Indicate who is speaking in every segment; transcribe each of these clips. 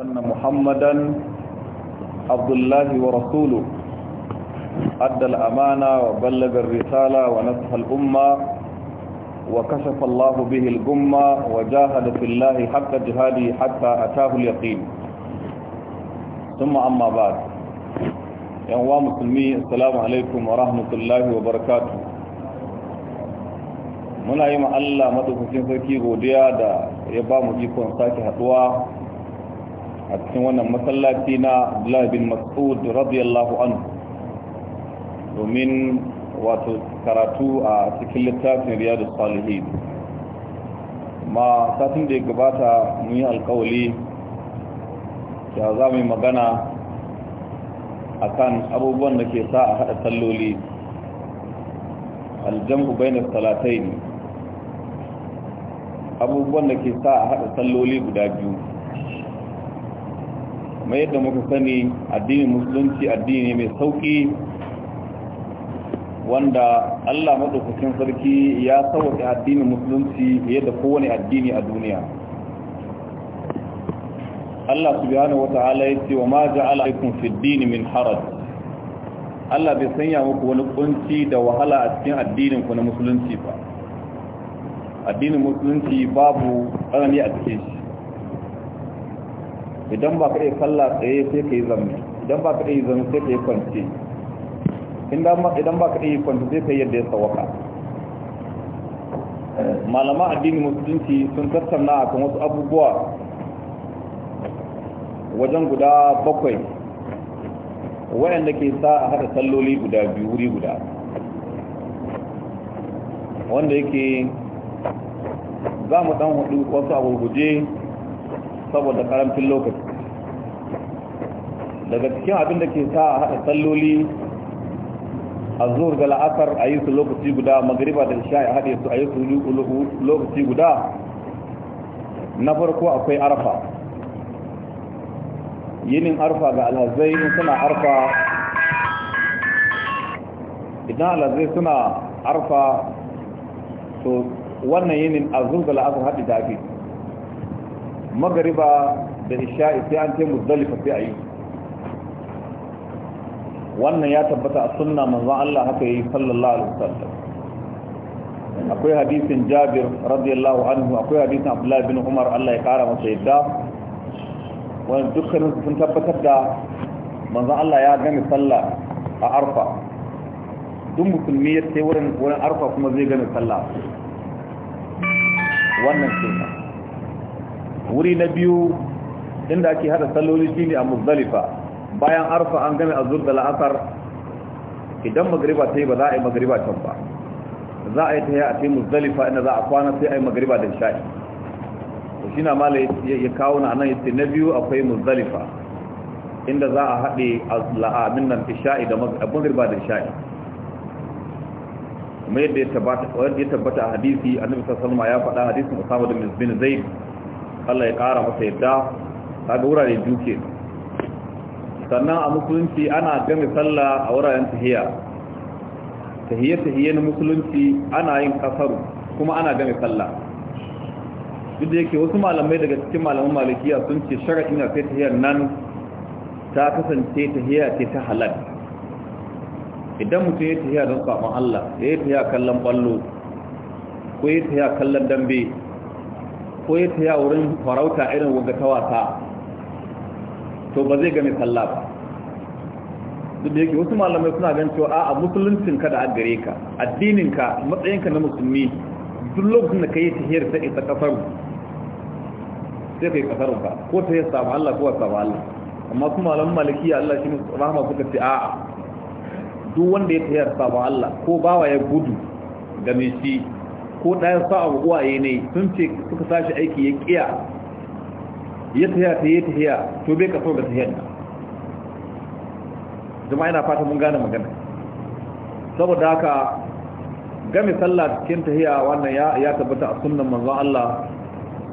Speaker 1: أن محمدا عبد الله ورسوله أدى الأمانة وبلغ الرسالة ونصح الأمة وكشف الله به الغمة وجاهد في الله حق جهاده حتى أتاه اليقين ثم أما بعد يا مسلمي السلام عليكم ورحمة الله وبركاته muna yi ma Allah madaukakin sarki godiya da ya ba mu ikon sake haduwa a cikin wannan masallaci na Abdullah bin Mas'ud radiyallahu anhu domin wato karatu a cikin littafin Riyadu Salihin ma satin da ya gabata mun yi alkawali ya za mu yi magana A kan abubuwan da ke sa a haɗa salloli aljam'u bainar talatai ne abubuwan da ke sa a haɗa salloli guda biyu kamar yadda muka sani addinin musulunci addini ne mai sauki wanda Allah maɗaukacin sarki ya sauƙi addinin musulunci fiye da kowane addini a duniya Allah subhanahu wata'ala ya ce wa ma ja'ala alaikum fid din min haraj Allah bai sanya muku wani kunci da wahala a cikin addinin ku na musulunci ba addinin musulunci babu tsanani a cikin shi idan ba ka iya sallah tsaye sai ka yi zanne idan ba ka iya zanne sai ka yi kwance idan ba ka iya kwance sai ka yi yadda ya tsawaka malaman addini musulunci sun tattauna a kan wasu abubuwa wajen guda bakwai Waɗanda ke sa a haɗa salloli guda biyu wuri guda wanda yake za mu ɗan hudu wasu abubuwa saboda karamcin lokaci daga cikin abin da ke sa a haɗa salloli a zuwa ga la'asar a yi su lokaci guda magariba da sha a haɗe su a yi su lokaci guda na farko akwai arfa yinin arfa ga alhazai suna arfa idan alhazai suna arfa to wannan yinin a zuwa ga la'asar haɗe da ake magariba da isha'i sai an taimu zalifa sai a yi wannan ya tabbata a sunna manzan Allah haka yi sallallahu alaihi wasallam akwai hadisin Jabir radiyallahu anhu akwai hadisin Abdullahi bin Umar Allah ya kara masa yadda wani dukkanin sun tabbatar da manzan Allah ya gani sallah a Arfa duk musulmi ya sai wurin Arfa kuma zai gani sallah wannan kenan wuri na biyu inda ake hada salloli shine a muzdalifa bayan arfa an gane azur da la'asar idan magriba ta yi ba za a yi magriba can ba za a yi ta yi a cikin muzdalifa inda za a kwana sai a yi magriba da sha'i shi na mala ya kawo na nan yace na biyu akwai muzdalifa inda za a haɗe la'amin nan sha'i da magriba da sha'i kuma yadda ya tabbata a hadisi annabi sallallahu alaihi wasallam ya faɗa hadisin Usama bin Zaid Allah ya ƙara masa yadda ta ga wurare duke sannan a musulunci ana gami sallah a wuraren tahiyya tahiyya-tahiyya na musulunci ana yin kasaru kuma ana gami sallah duk da yake wasu malamai daga cikin malaman malikiya sun ce sharaɗin na sai tahiyyar nan ta kasance tahiyya ce ta halal idan mutum ya tahiyya don saɓon Allah ya yi tahiyya kallon ballo ko ya tahiyya kallon dambe ko ya taya wurin farauta irin wanga ta wasa to ba zai game sallah ba duk da yake wasu malamai suna gan cewa a musuluncin ka da aggare ka addinin ka matsayinka na musulmi duk lokacin da ka yi tahiyar ta isa kasar sai kai yi kasar ka ko tahiyar sabu Allah ko sabu Allah amma su malamin malikiya Allah shi musu rahama suka ce a'a duk wanda ya tahiyar sabu Allah ko bawa ya gudu game shi ko ɗaya sa'a uwaye ne sun ce suka sashi aiki ya ƙiya ya tahiya ta yi tahiya to bai kaso ga tahiyar nan jama'a yana fata mun gane magana saboda haka game sallah cikin tahiya wannan ya tabbata a sunan manzon Allah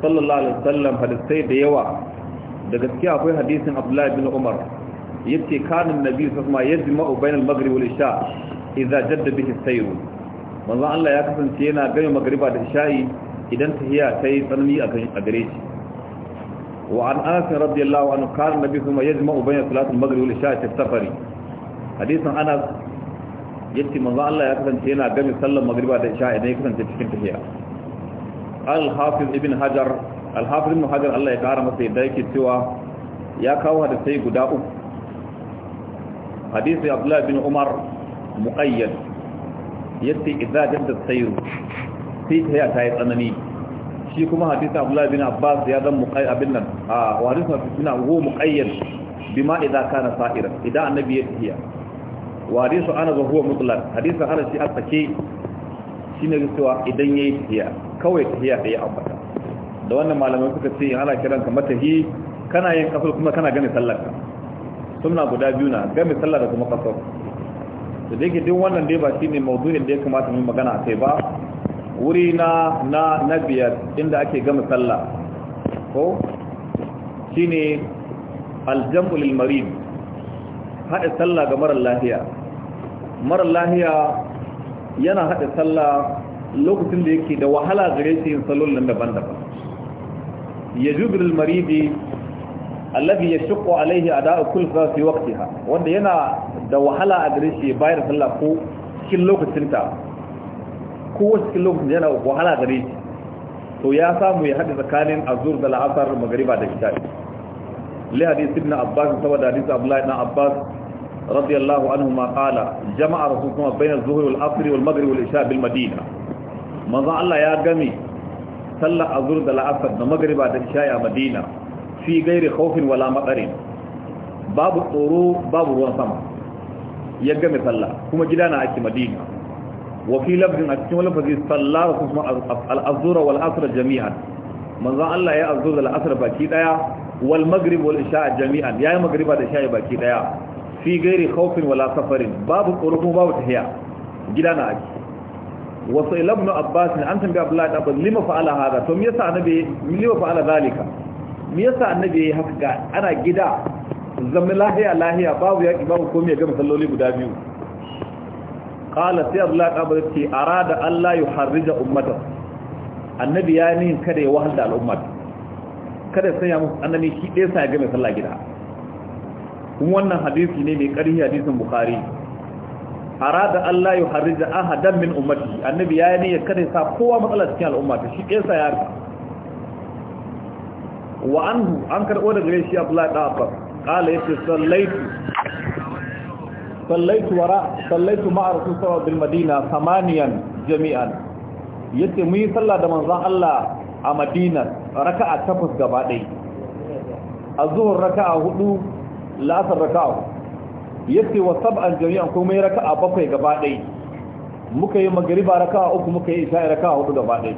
Speaker 1: sallallahu alaihi wasallam hadisai da yawa da gaskiya akwai hadisin Abdullahi bin Umar yace kana annabi sallallahu alaihi wasallam yajma'u bainal maghrib wal isha idza jadda bihi sayru manzon Allah ya kasance yana gami magariba da isha'i idan tahiya ta yi tsanani a gare shi wa an anas radiyallahu anhu kana nabi kuma yajma'u bayna salatul maghrib wal isha'i fi safari hadisin anas yace manzon Allah ya kasance yana gami sallar magariba da isha idan ya kasance cikin tahiya al-hafiz ibn hajar al-hafiz ibn hajar Allah ya kara masa yadda yake cewa ya kawo hadisai guda uku hadisi abdullahi bin umar muqayyad yace idza jadda sayru sai ta ta yi tsanani shi kuma hadisi Abdullah bin Abbas ya dan muqay abin nan a hadisi suna go muqayyad bima idza kana sa'ira idan annabi ya tafiya wa hadisi ana zo huwa mutlaq hadisi har shi a sake shine cewa idan yayi tafiya kawai tafiya da ya ambata da wannan malamai suka ce ana kiran ka matahi kana yin kafir kuma kana gane sallar ka sunna guda biyu na gane sallar da kuma kafir da dake duk wannan dai ba shine maudu'in da ya kamata mu magana sai ba wuri na na nabiyar inda ake gama sallah ko shine aljambu lil marid hada sallah ga marar lafiya marar lafiya yana hada sallah lokacin da yake da wahala gare shi yin nan daban-daban yajubu lil maridi alladhi yashqu alayhi ada'u kulli fi waqtiha wanda yana da wahala a gare shi bayar sallah ko cikin lokacinta ko cikin lokacin yana wahala a gare shi to ya samu ya haɗe tsakanin azur da la'asar magariba da isha li hadith ibn abbas saboda hadith abdullahi ibn abbas radiyallahu anhu ma qala jama'a rasulullah bayna az-zuhr wal asr wal maghrib wal isha bil madina manzo Allah ya game sallar azur da la'asar da magariba da isha a madina fi gairi khawfin wala maqarin babu tsoro babu ruwan sama ya game sallah kuma gida na ake madina Wafi fi a cikin wani fazi sallah wa kuma al'azura wal asr jami'an manzo Allah ya azura al asr baki daya wal maghrib wal isha jami'an yayi magriba da isha baki daya fi gairi khawfin wala safarin babu qurbu babu tahiya gida na ake wasu ilabnu abbas an tambaye abdullahi da abbas lima fa'ala hada to me yasa annabi lima fa'ala zalika me yasa annabi haka ana gida zama lahiya lahiya babu yaƙi babu komai ga masalloli guda biyu Ƙala sai Abdullahi ka bar ce arada Allah ya harrija ummata annabi ya ni kada ya da al'ummar kada sai ya musu annabi shi sa ya gama masalla gida kuma wannan hadisi ne mai ƙarfi hadisin bukhari arada Allah ya harrija ahadan min ummati annabi ya ni kada ya sa kowa matsala cikin al'ummata, shi ɗaya sa ya wa anhu an da daga shi Abdullahi da قال يتي صليت صليت وراء صليت مع رسول الله بالمدينة ثمانيا جميعا يتي مي صلى ده منزان الله a Madina raka'a takwas gaba ɗai azhur raka'a hudu la'asar raka'a yace wa sab'an jami'an kuma yi raka'a bakwai gaba ɗai muka yi magriba raka'a uku muka yi isha'i raka'a hudu gaba ɗai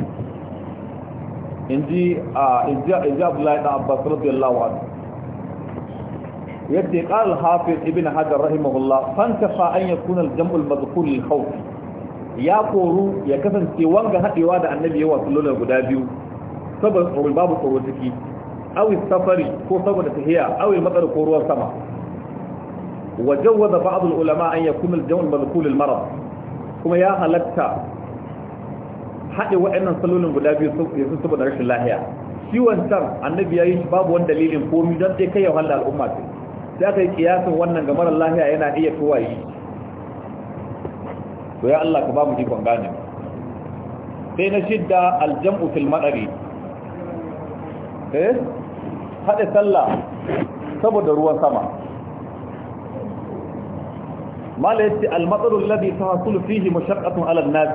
Speaker 1: inji a inji inji Abdullahi da Abbas radiyallahu anhu yadda qala al-hafiz ibn hajar rahimahullah fantafa an yakuna al-jam'u al-madhkur lil ya koru ya kasance wanga hadewa da annabi yawa sallallahu guda biyu saboda tsoron babu tsoro ciki awi safari ko saboda tahiya awi matsar ko ruwan sama wa jawwaza ba'd al-ulama an yakuna al-jam'u al kuma ya halatta haɗe waɗannan salolin guda biyu yanzu saboda rashin lahiya ciwon can annabi ya yi babu wani dalilin komi don sai kai ya wahala al'umma ce sai aka yi kiyasin wannan ga marar lahiya yana iya tuwayi to ya Allah ka ba mu ikon gane sai na shidda aljam'u fil madari eh hade sallah saboda ruwan sama mala yace al-madaru alladhi tahsulu fihi mashaqqatun 'ala an-nas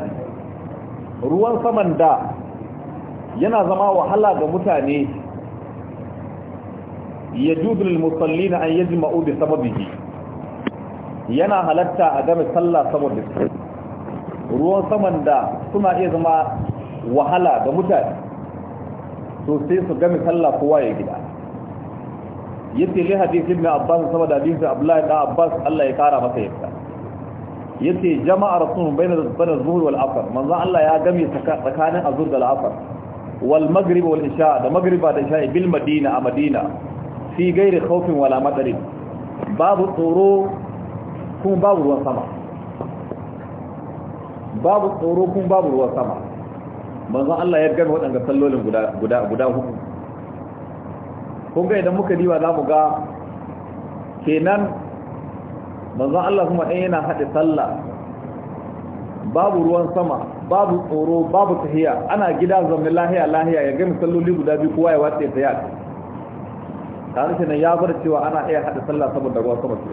Speaker 1: ruwan saman da yana zama wahala ga mutane يجوز للمصلين أن يجمعوا بسببه yana halatta a game sallah saboda su ruwan saman da suna iya zama wahala ga mutane to sai su game sallah kowa ya gida yace li hadith ibn abbas saboda da hadith abdullahi da abbas Allah ya kara masa yadda yace jama'a rasul bayna bayna zuhur wal asr manzo Allah ya game tsakanin azhur da al asr wal maghrib wal isha da maghriba da isha bil madina a madina fi gairi khawfin wala madarin babu tsoro kuma babu ruwan sama babu tsoro kuma babu ruwan sama manzon Allah ya gane waɗanda sallolin guda guda guda hudu kun ga idan muka diba zamu ga kenan manzon Allah kuma ɗaya yana haɗe sallah babu ruwan sama babu tsoro babu tahiya ana gida zaune lahiya lahiya ya gane salloli guda biyu kowa ya watsa ya tare ce na ya bar cewa ana iya hada sallah saboda ruwan sama ce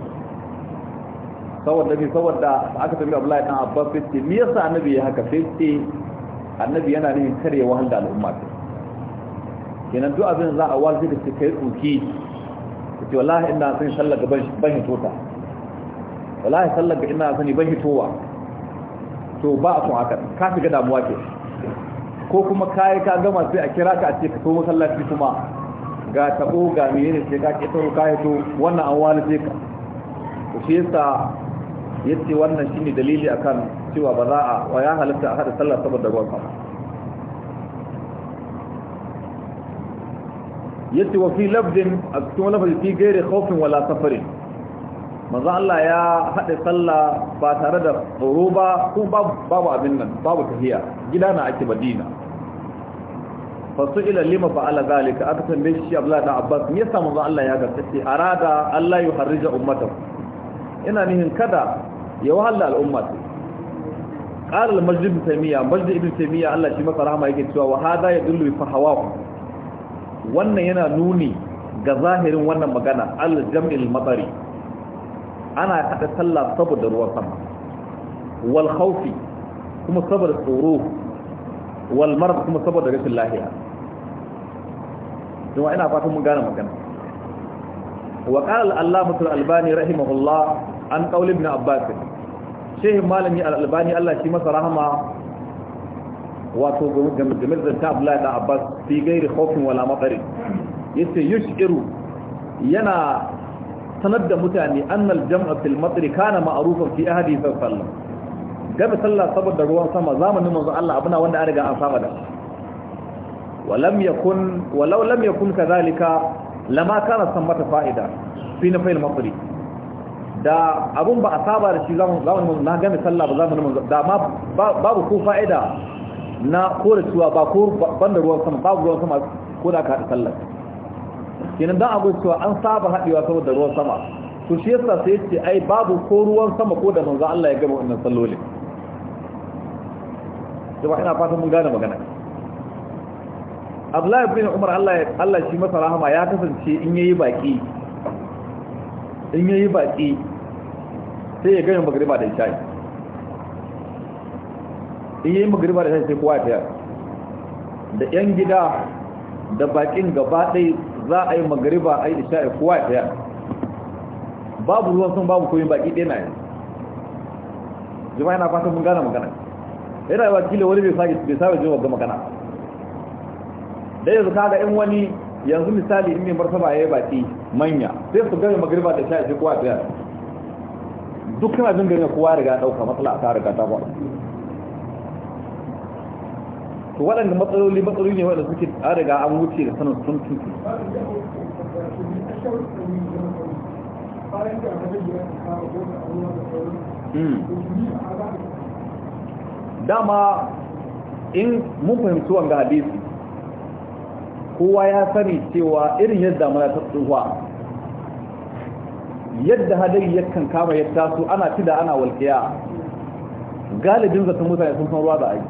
Speaker 1: saboda bi saboda aka tafi Abdullahi dan Abbas ce me yasa annabi ya haka sai ce annabi yana nufin kare wahal da al'umma ce kenan duk abin za a walfi da su kai tsoki ce wallahi ina son sallah ga ban hitota wallahi sallah ga ina sani ban hitowa to ba a son haka ka shiga damuwa ke ko kuma kai ka gama sai a kira ka a ce ka so masallaci kuma ga taɓo ga menene sai ka ke tsaro ka yato wannan an wani sai ka to shi yasa yace wannan shine dalili akan cewa ba za a wa ya halatta a hada sallah saboda ruwan sama yace wa fi lafdin a cikin lafazi fi gairi khawfin wala safarin manzo Allah ya haɗe sallah ba tare da tsoro ba ko babu abin nan babu tafiya gida na ake madina fasu ila lima fa'ala zalika aka tambaye shi Abdullahi da Abbas me yasa manzo Allah ya gaske sai arada Allah ya harija ummata ina nihin kada ya wahala al'ummata qala al-majid tamiya majid ibn tamiya Allah shi masa rahama yake cewa wa hada yadullu fa hawa wannan yana nuni ga zahirin wannan magana al-jam'il matari ana kada sallah saboda ruwan sama wal khawfi kuma saboda tsoro wal marad kuma saboda rashin lafiya don ina fatan mun gane magana wa qala al-allama al-albani rahimahullah an qaul ibn abbas shehin malami al-albani Allah shi masa rahama wato game da ta Abdullahi da Abbas fi gairi khawfin wala matsari yace yushiru yana sanar da mutane annal jam'a fil matsari kana ma'rufan fi ahadi sallallahu game sallah saboda ruwan sama zamanin manzo Allah abuna wanda an riga an saba da shi ولم يكن ولو لم يكن كذلك لما كانت ثمة فائدة في نفي المصري da abun ba a saba da shi zamanin na gami sallah ba zamanin manzo da ma babu ko fa'ida na kore cewa ba ko banda ruwan sama babu ruwan sama ko da ka haɗa sallah kenan dan abu cewa an saba haɗewa saboda ruwan sama to shi yasa sai yace ai babu ko ruwan sama ko da manzo Allah ya gama wannan sallolin. ba ina fatan mun gane magana. abdullahi bin umar allah shi masa rahama ya kasance in yayi baki in yayi baki sai ya gani magariba da isha'i in yayi magariba da isha'i sai kowa ya da yan gida da bakin gaba ɗai za a yi magariba a yi isha'i kowa ya babu ruwan sun babu koyin baki ɗaya na yi jima'i na fatan mun gane magana yana yi kila wani bai saba jin ga magana da yanzu kaga in wani yanzu misali in mai martaba ya yi baki manya sai su gami magriba da sha sai kowa biyar duk kana jin gani kowa riga dauka matsala ta riga ta faɗa to waɗanda matsaloli matsaloli ne waɗanda suke a riga an wuce da sanar sun tuki hmm. dama in mun fahimci wanga hadisi kowa ya sani cewa irin yadda mana ta tsuwa yadda hadari yakan kama ya taso ana da ana walƙiya galibin zaton mutane sun san ruwa da ai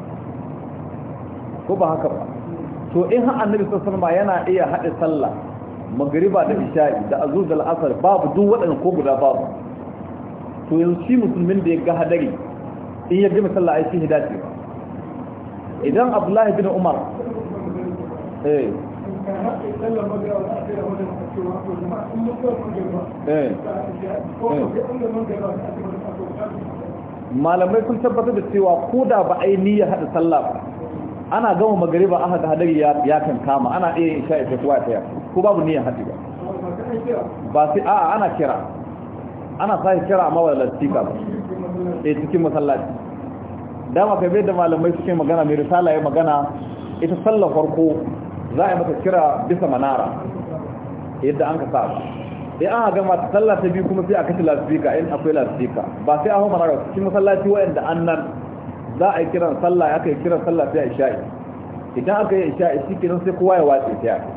Speaker 1: ko ba haka ba to in har annabi sassan ba yana iya haɗe sallah Magariba da isha'i da azur da al'asar babu duk waɗannan ko guda babu to yanzu shi musulmin da ya ga hadari in ya gama sallah ai shi hidaci idan abdullahi bin umar eh malamai sun tabbatar da cewa ko da ba a yi niyyar haɗa sallah ba ana gama magariba aka ga hadari ya kan kama ana iya yin isha ita kuwa ta ko babu niyyar haɗi ba ba sai a'a ana kira ana sa kira a wala lastika ba a eh, cikin masallaci dama kai da malamai suke magana mai risala ya magana ita sallar farko za a yi mata kira bisa manara yadda an ka sa sai an gama ta sallah ta biyu kuma sai a kashe lasifika in akwai lasifika ba sai a hau manara cikin masallaci wa'anda an nan za a yi kiran sallah ya kai kiran sallah sai a isha'i idan aka yi isha'i shi kenan sai kowa ya watsa ta yaki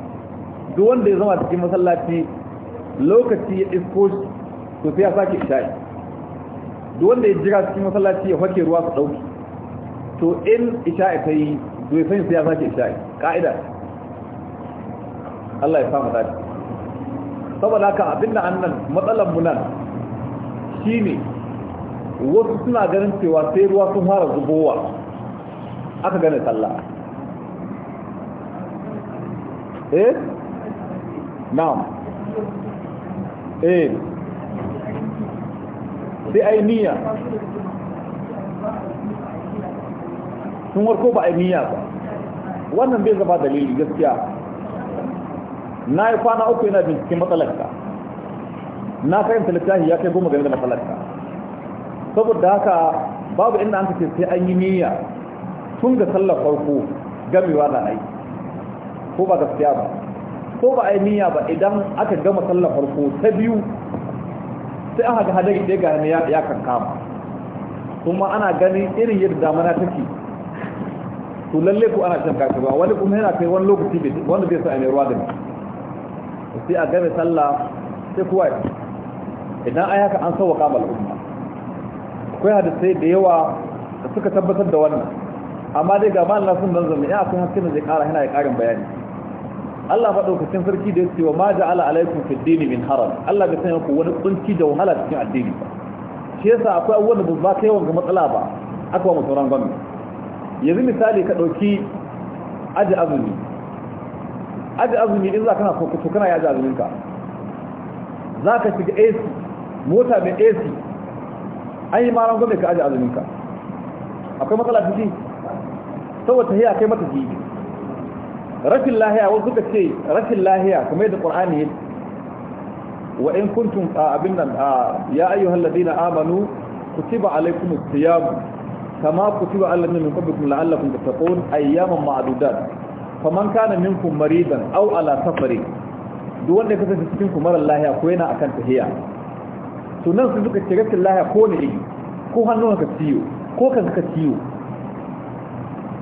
Speaker 1: duk wanda ya zama cikin masallaci lokaci ya isko to sai ya sake isha'i duk wanda ya jira cikin masallaci ya fake ruwa su ɗauki to in isha'i ta yi to ya sani sai ya sake isha'i ka'ida Allah ya samu dadi saboda haka abinda annan matsalan mu nan shine wasu suna ganin cewa sai ruwa sun fara zubowa aka gane sallah eh na'am eh sai ai niyya sun warko ba ai niyya ba wannan bai zama dalili gaskiya na yi kwana uku yana binciken matsalarka na fahimta littafi ya kai goma game da matsalarka saboda haka babu inda an kace sai an yi niyya tun ga sallar farko gamewa na ai ko ba gaskiya ba ko ba yi niyya ba idan aka gama sallar farko ta biyu sai aka ga hadari ɗaya ga ya kan kama kuma ana gani irin yadda damana take to lalle ko ana shan ba wani kuma yana kai wani lokaci wanda zai sa a ruwa da ni sai a game sallah sai kuwa idan ai haka an sauwaka mal umma akwai hadisai da yawa da suka tabbatar da wannan amma dai ga mallan sun dan zama ya akwai hakkin zai kara yana ya karin bayani Allah madaukakin sarki da yake wa ma ja'ala alaikum fi dini min haram Allah bai sanya ku wani kunci da wahala cikin addini shi yasa akwai wani da kai wanga matsala ba aka wa mutum rangon yanzu misali ka dauki aji azumi aji azumi in za kana to kana ya ji azuminka za ka shiga ac mota mai ac an yi maran gwamnati ka aji azuminka akwai matsala ciki saboda tahiya kai mata jibi rashin lahiya wasu suka ce rashin lahiya kuma yadda qur'ani ya wa in kuntum abin nan ya ayyuhal ladina amanu ku ci kutiba alaykumus siyam kama ku kutiba alladhina min qablikum la'allakum tattaqun ayyaman ma'adudan. man kana minkum maridan aw ala safari duk wanda ka kasance cikin kumar lahiya ko yana akan tahiya to nan su suka shiga cikin lahiya ko ne ko hannun ka ciwo ko kanka ka ciwo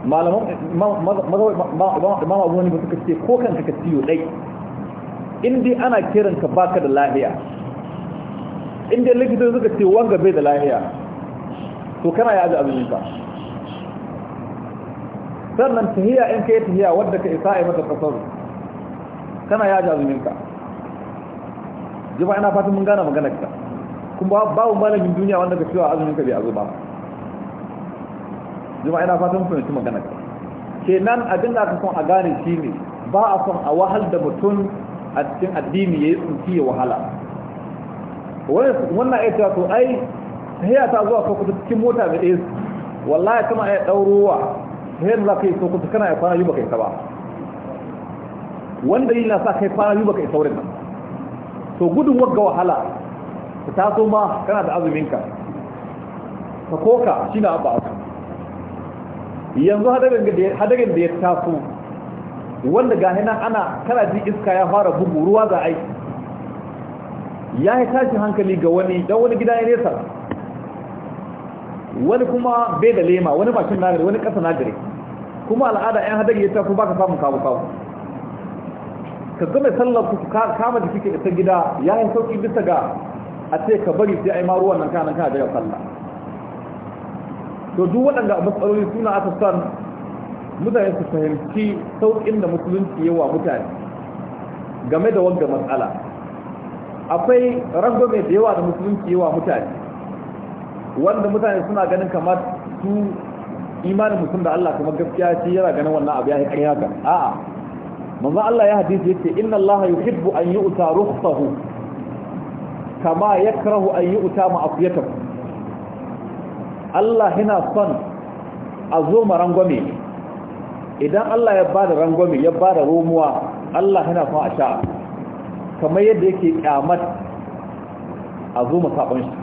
Speaker 1: malaman imam abu wani suka ce ko kanka ka ciwo dai in dai ana kiran ka baka da lahiya in dai likitan suka ce wanga bai da lahiya to kana ya ji abin ka sannan tahiya in kai tahiya wadda ka isa ai mata kasaru kana ya jazumin ka jama'a ina fatan mun gane maganar ka kuma babu malamin duniya wanda ka cewa azumin ka bai azu ba jama'a ina fatan mun fahimci maganar ka kenan abin da ka son a gane shine ba a son a wahal da mutum a cikin addini yayi yi ya wahala wannan ai ta to ai tahiya ta zuwa kwakwata cikin mota mai ɗaya wallahi kama ai ɗaurowa ta yadda za ka yi sokoto kana ya kwana yi baka isa ba wanda yi na sa ka yi kwana yi baka isa wurin nan to gudun wagga wahala ta taso ma kana da azuminka ka koka shi na ba su yanzu hadarin da ya taso wanda ga hina ana kana ji iska ya fara bugu ruwa za yi. ya yi tashi hankali ga wani don wani gida ya nesa wani kuma bai da lema wani mashin na wani ƙasa na kuma al'ada yan hadari ya tafi baka samun kawo kawo ka zama sallar ku kama jiki kike isa gida ya yi sauƙi bisa ga a ce ka bari sai a yi ma nan kanan kana daga sallah to duk waɗanda matsaloli suna aka san mutane su fahimci sauƙin da musulunci yawa mutane game da wanda matsala akwai rangwame da yawa da musulunci yawa mutane wanda mutane suna ganin kamar su imanin mutum da Allah kamar gaskiya ce yana ganin wannan abu ya yi kai haka a'a manzo Allah ya hadisi yace inna Allah yuhibbu an yu'ta rukhsahu kama yakrahu an yu'ta ma'afiyatahu Allah yana son a zo rangwame idan Allah ya bada rangwame ya bada romuwa Allah yana son a sha kamar yadda yake kyamat a zo mu shi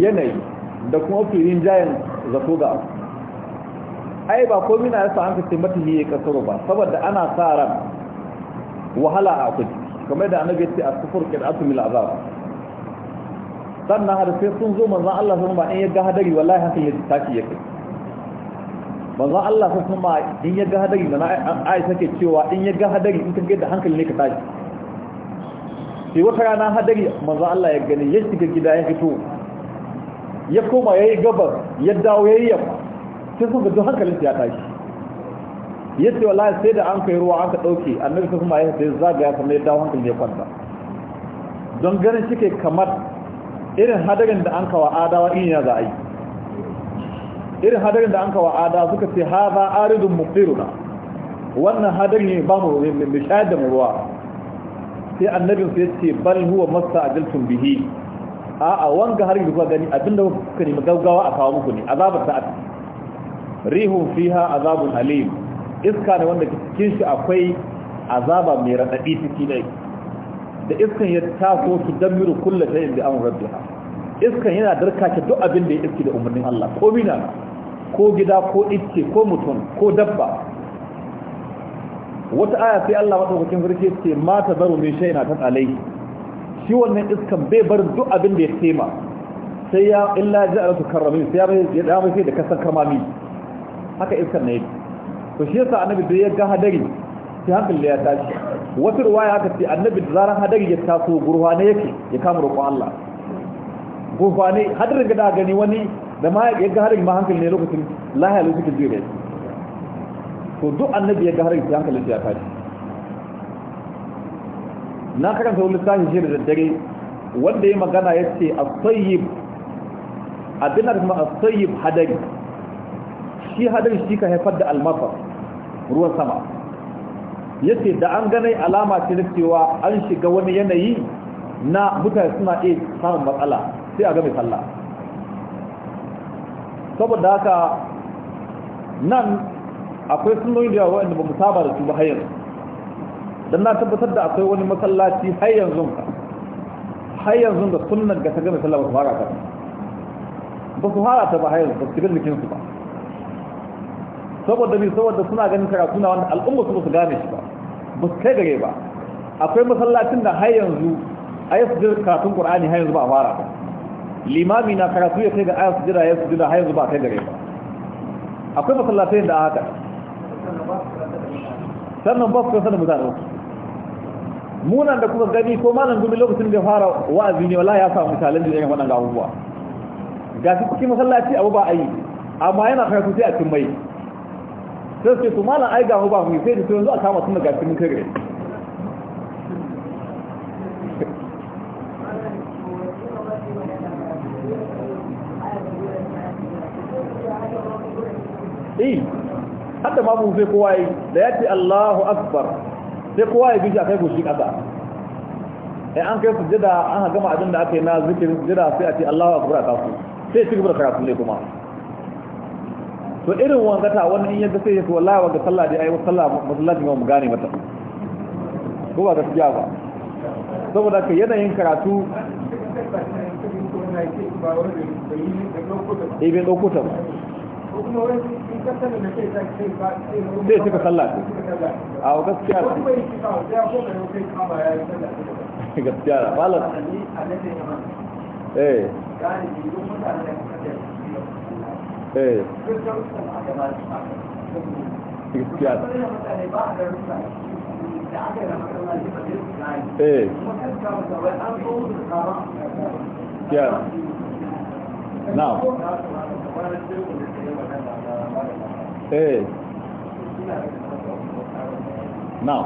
Speaker 1: yanayi da kuma firin jayin zato ga abu ai ba komi na yasa an kace mata hiyar kasaro ba saboda ana sa ran wahala a kudi kamar da annabi yace a sufur qira'atu mil azab sannan har sai sun zo manzon Allah sun ba in ya ga hadari wallahi hakan ya taki yake manzon Allah sun ma in ya ga hadari da Aisha ke cewa in ya ga hadari in ka ga da hankali ne ka tashi sai wata rana hadari manzon Allah ya gani ya shiga gida ya fito ya koma ya yi gabar ya dawo ya yi yamma sai sun gaji hankalin ya tashi ya ce wallahi sai da an kai ruwa an ka ɗauke annabi sai kuma ya sai zagaya kamar ya dawo hankalin ya kwanta don ganin shi kamar irin hadarin da an kawa adawa in ya za a yi irin hadarin da an kawa ada suka ce ha za aridun mufiruna wannan hadarin ne ba mu mai shayar da mu ruwa sai annabin sai ce bal huwa masta ajaltun bihi a'a wanga har yanzu kuka gani abinda kuka nemi gaggawa a kawo muku ne azabar ta rihun fiha azabun alim iska ne wanda cikin shi akwai azaba mai radadi ciki dai da iskan ya tako su damiru kullu ta inda an rabbiha iskan yana darka ta duk abin da ya iski da umarnin Allah ko bina ko gida ko icce, ko mutum ko dabba wata aya sai Allah madaukakin sarki ce ma zaru min shayna ta alai shi wannan iskan bai barin duk abin da ya tema sai ya illa ja'ala su sai ya ya da sai da kasan karmami haka iskan ne to shi yasa annabi da ya ga hadari sai hankali ya tashi wata ruwaya haka ce annabi da zaran hadari ya taso gurfane yake ya kama roƙon Allah gurfane hadarin ga da gani wani da ma ya ga hadari ma hankali ne lokacin lahiya lokacin jira to duk annabi ya ga hadari sai hankali ya tashi na karanta wani sashi shi da daddare wanda ya magana ya ce a tsayyib abin da a tsayyib hadari shi hadari shi ka haifar da almasa ruwan sama ya ce da an ganai alama ce na cewa an shiga wani yanayi na mutane suna iya samun matsala sai a ga mai sallah saboda haka nan akwai sunoyi da yawa wanda ba mu saba da su ba har dan na tabbatar da akwai wani masallaci har yanzu ka har yanzu da sunnan ga ta gane sallah ba su fara ta ba su fara ta ba har yanzu ba su gidan jikin su ba saboda bi saboda suna ganin karatu na wanda al'umma su ba su gane shi ba ba su kai gare ba akwai masallacin da har yanzu su jira karatun qur'ani har yanzu ba fara ba limami na karatu ya kai ga jira ya su jira har yanzu ba kai gare ba akwai masallacin da haka sannan ba su sanin mutane munan da kuka gani ko malam gumi lokacin da fara wa'azi ne wallahi ya samu misalan da irin waɗannan abubuwa ga su kuke masallaci abu ba ayi yi amma yana karatu sai a cikin mai sai su to malam ai ga abu ba mu sai da yanzu a kama sun ga cikin kare eh hatta ma mu sai kowa yi da yace Allahu akbar sai kowa ya bi a kai goshi ƙasa in eh, an kai sujjada an gama abin da aka yi na zikirin sujjada sai a ce Allahu akbar a kafu sai ci gaba da karatu ne kuma to irin wangata wani in yadda sai ya ce wallahi wanga sallah dai ayi wa sallah masallaci ma mu gane mata ko ba gaskiya ba saboda ka yanayin karatu ibin ɗaukuta ba
Speaker 2: zai cika sallah
Speaker 1: a gaskiya gaskiya da eh
Speaker 2: eh gaskiya
Speaker 1: eh eh now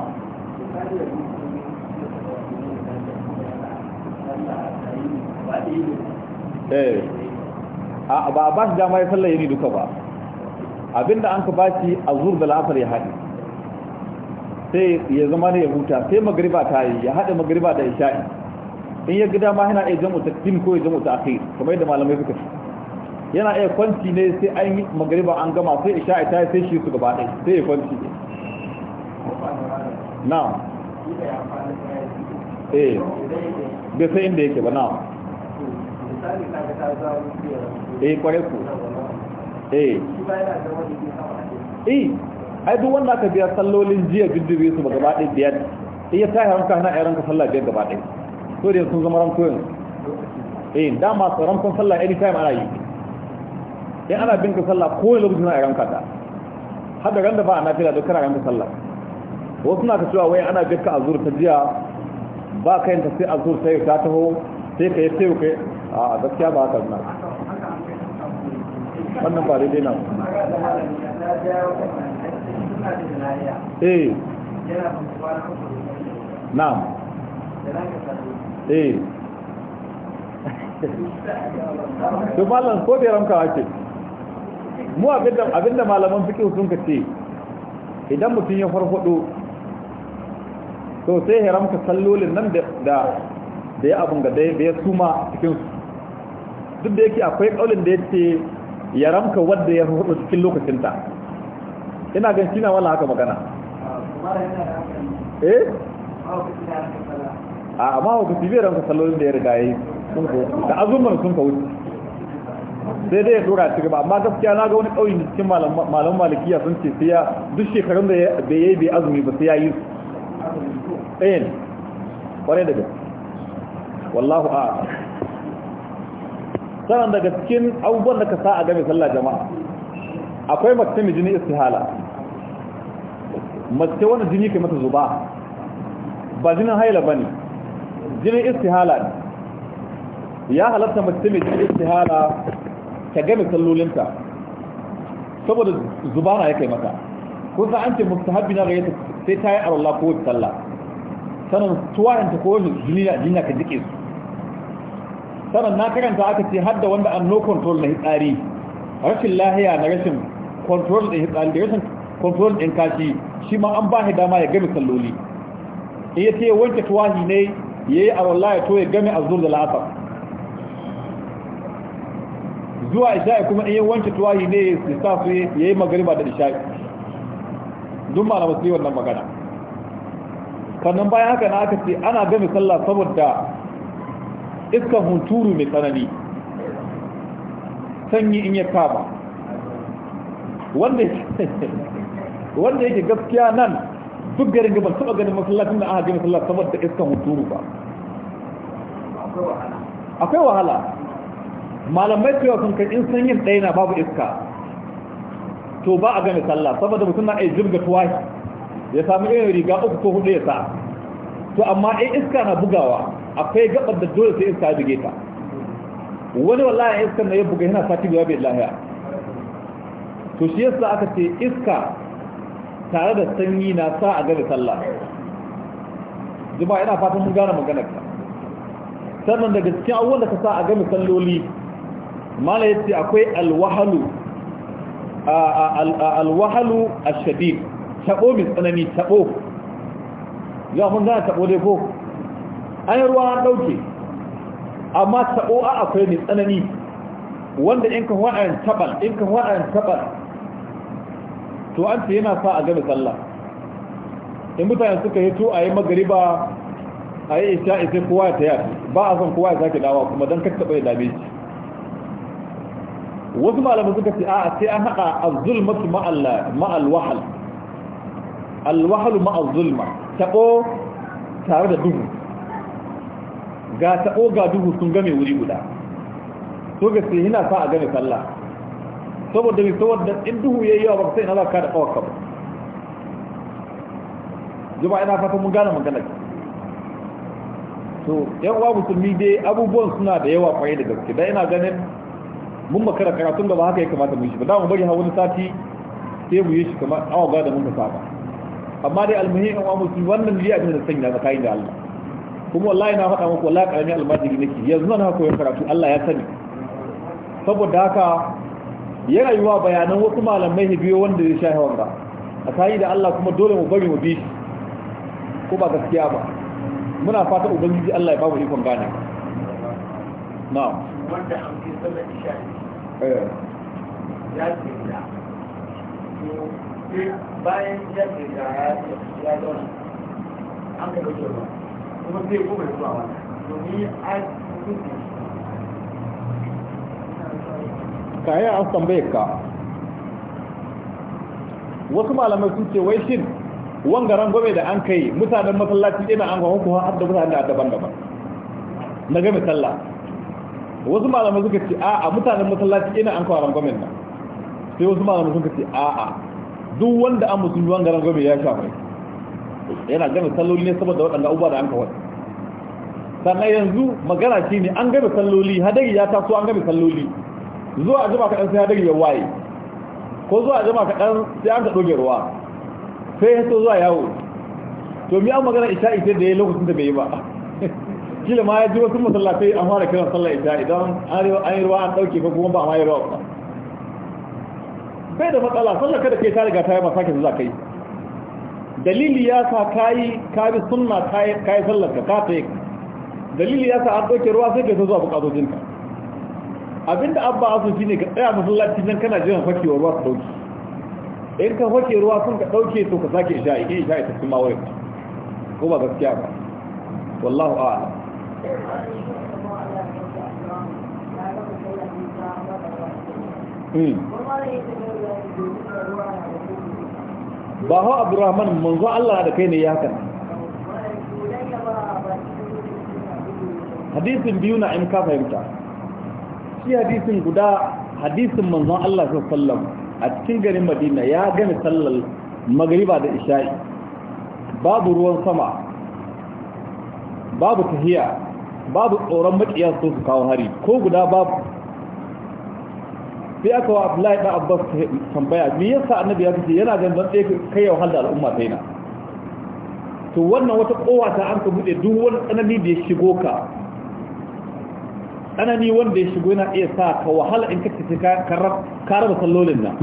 Speaker 1: eh a ba ba shi dama ya sallaye ni duka ba abinda an ka bashi a zur da la'asar ya haɗe sai ya zama ne ya huta sai magariba ta yi ya haɗe magariba da ya sha'i, in ya gida ma yana iya jamuta tim ko ya jamuta a kai kamar yadda malamai suka fi yana iya kwanci ne sai an yi magariba an gama sai isha ita sai shi su gaba ɗai sai ya kwanci ne na eh bai sai inda yake ba na eh kwarai ku eh eh ai duk wanda aka biya sallolin jiya bindire su ba gaba ɗaya biyar ya ta haramka na yaranka sallah biyar gaba ɗai so da sun zama rankoyin eh dama rankon sallah anytime ana yi in ana bin ka sallah ko wani lokaci na ranka ta har da randa ba a nafila duk kana ranka sallah wasu na ka cewa wai ana bin a azur ta jiya ba ka yin ta sai azur sai ta taho sai ka yi sai ka a gaskiya ba haka na wannan ba daidai na eh na'am eh
Speaker 2: to malam
Speaker 1: ko bai ranka ake mu abinda malaman fikihu sun ka ce idan mutum ya farfado to sai ya ramka sallolin nan da da ya abun ga da ya suma cikin duk da yake akwai kaulin da yace ya ramka wanda ya farfado cikin lokacin ta ina gan shi na wala haka magana eh a amma hukunci bai ramka sallolin da ya riga yi da azumar sun ka wuce sai dai ya dora ci gaba amma gaskiya na ga wani da cikin malaman malikiya sun ce sai ya duk shekarun da bai yi bai azumi ba sai ya yi ɗayan ƙwarai daga wallahu a sanan daga cikin abubuwan da ka sa a game sallah jama'a akwai mace mai jini istihala mace wani jini kai mata zuba ba jinin haila ba ne jinin istihala ne ya halatta mace mai jini istihala ta gane sallolinta saboda zubana ya kai mata ko za an ce mustahabbi na gayyata sai ta yi a ko ko sallah sanan tuwayen ta kowace duniya duniya ka jike su sanan na karanta aka ce har da wanda an no control na hitsari rashin lahiya na rashin control din hitsari da rashin control din kashi shi ma an ba shi dama ya gami salloli in ya ce wanke tuwahi ne ya yi a ya to ya game azur da la'asar zuwa isha'i kuma in wancan wanke tuwahi ne su sa su ya yi magariba da isha'i duk malama su yi wannan magana sannan bayan haka na aka ce ana gami sallah saboda iskan hunturu mai tsanani sanyi in ya kama wanda yake gaskiya nan duk garin gaban saba ganin masallacin da aka gami misalla saboda iskan hunturu ba akwai wahala malamai cewa sun kai in yin ɗaya na babu iska to ba a gani sallah saboda mutum na iya zirga tuwai ya samu irin riga uku ko hudu ya sa to amma ai iska na bugawa akwai gabar da dole sai iska ya buge ta wani wallahi iska na ya buga yana sati gaba bai lahiya to shi yasa aka ce iska tare da sanyi na sa a gani sallah jima'a ina fatan mun gane maganar ka sannan daga cikin abubuwan da ka sa a gami salloli mala yace akwai alwahalu alwahalu ashadid tabo mai tsanani tabo ya kun gana tabo dai ko an ruwa an dauke amma tabo a akwai mai tsanani wanda in kan wa'an tabal in kan wa'an tabal to an ce yana sa a gaba sallah in mutane suka yi to a yi magariba a yi isha'i isai kowa ya ta tayar ba a son kowa ya sake dawa kuma don kakkaɓa bai dame shi wasu malamin suka ce a sai an haɗa azulmatu ma'alwahal alwahalu ma'azulma taɓo tare da duhu ga taɓo ga duhu sun game wuri guda so ga sai yana sa a game sallah saboda mai saboda in duhu ya yi yawa ba sai ina za ka da ƙawar ba. jama'a ina fata mun gane magana to yan uwa musulmi dai abubuwan suna da yawa kwaye da gaske da ina ganin mun makara karatun da ba haka ya kamata mu yi shi ba da mu bari ha wani sati sai mu yi shi kamar awa ga da mun ka saba amma dai almuhim an wa musu wannan liya da sanya tsakanin da Allah kuma wallahi na faɗa muku wallahi karami almajiri nake yanzu nan haka koyon karatu Allah ya sani saboda haka yana rayuwa bayanan wasu malamai ne biyo wanda ya sha hawan ba a tsari da Allah kuma dole mu bari mu bi shi ko ba gaskiya ba muna fata ubangiji Allah ya ba mu ikon gane na'am
Speaker 2: wanda an fi sallar isha'i kayan bayan ya an
Speaker 1: ka tambaye ka wasu malamai sun ce wai shin wangaren gome da an kai mutanen masallaci ina na an gwa kuma har da daban-daban na game sallah wasu malamai suka ce a'a mutanen masallaci ina an kawo rangwamen nan sai wasu malamai suka ce a'a duk wanda an musulmi wanga gobe ya sha mai yana gane salloli ne saboda waɗanda uba da an kawo sannan yanzu magana shi ne an gane salloli hadari ya taso an gane salloli zuwa a jima kaɗan sai hadari ya waye ko zuwa a jima kaɗan sai an ka ɗoge ruwa sai ya so zuwa yawo to mi an magana isha'i sai da ya lokacin da bai yi ba kila ma ya ji wasu masallatai a fara kiran sallar isha idan an yi ruwa an ɗauke ko kuma ba a ma yi ruwa ba bai da matsala sallar kada kai ta riga ta yi masa sake za ka yi dalili ya sa ka yi ka bi sunna ka yi sallar ka ta yi dalili ya sa an ɗauke ruwa sai ka zo zuwa ka abinda abba asu shine ka tsaya masallaci nan kana jiran fakewa ruwa ka ɗauki in ka fake ruwa sun ka ɗauke to ka sake isha'i in isha'i ta kuma wayar ko ba gaskiya ba wallahu a'lam Hmm. ba hau abdurrahman manzo Allah da kai ne ya haka hadisin biyu na in ka fahimta shi hadisin guda hadisin manzon Allah sallam a cikin garin Madina ya gani sallar magariba da isha'i babu ruwan sama babu tahiya babu tsoron makiyar so su kawo hari ko guda babu sai aka wa abdullahi da abbas tambaya me yasa annabi ya fice yana ganin dan tsaye kai ya wahala al'umma sai na to wannan wata kowa ta an ka bude duk wani tsanani da ya shigo ka tsanani wanda ya shigo yana iya sa ka wahala in kace ka raba sallolin nan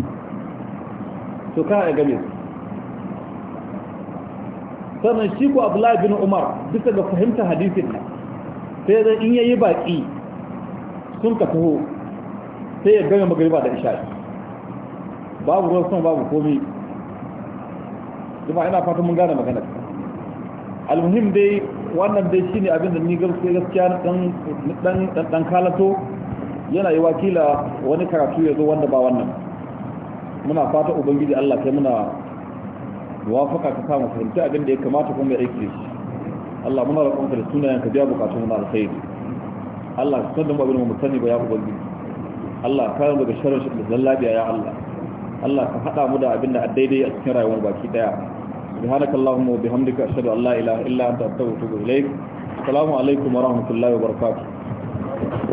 Speaker 1: to kana da game sannan shi ko abdullahi bin umar bisa ga fahimtar hadisin nan sai zai in yayi baki sun ka taho sai ya gane magariba da isha babu ruwan sama babu komi kuma ina fata mun gane magana almuhim dai wannan dai shine abin da ni gaskiya dan dan dan kalato yana yi wakila wani karatu ya zo wanda ba wannan muna fata ubangiji Allah sai muna wafaka ka samu fahimta abin da ya kamata kuma ya aiki shi Allah muna roƙon ka da sunayen ka biya bukatun mu na alkhairi Allah ka san da mu abin mu sani ba ya ubangiji Allah ka mu daga sharrin shi da zallabiya ya Allah Allah ka haɗa mu da abin da daidai a cikin rayuwar baki ɗaya. subhanaka allahumma wa bihamdika ashhadu an la ilaha illa anta astaghfiruka wa atubu ilaik assalamu alaikum wa rahmatullahi wa barakatuh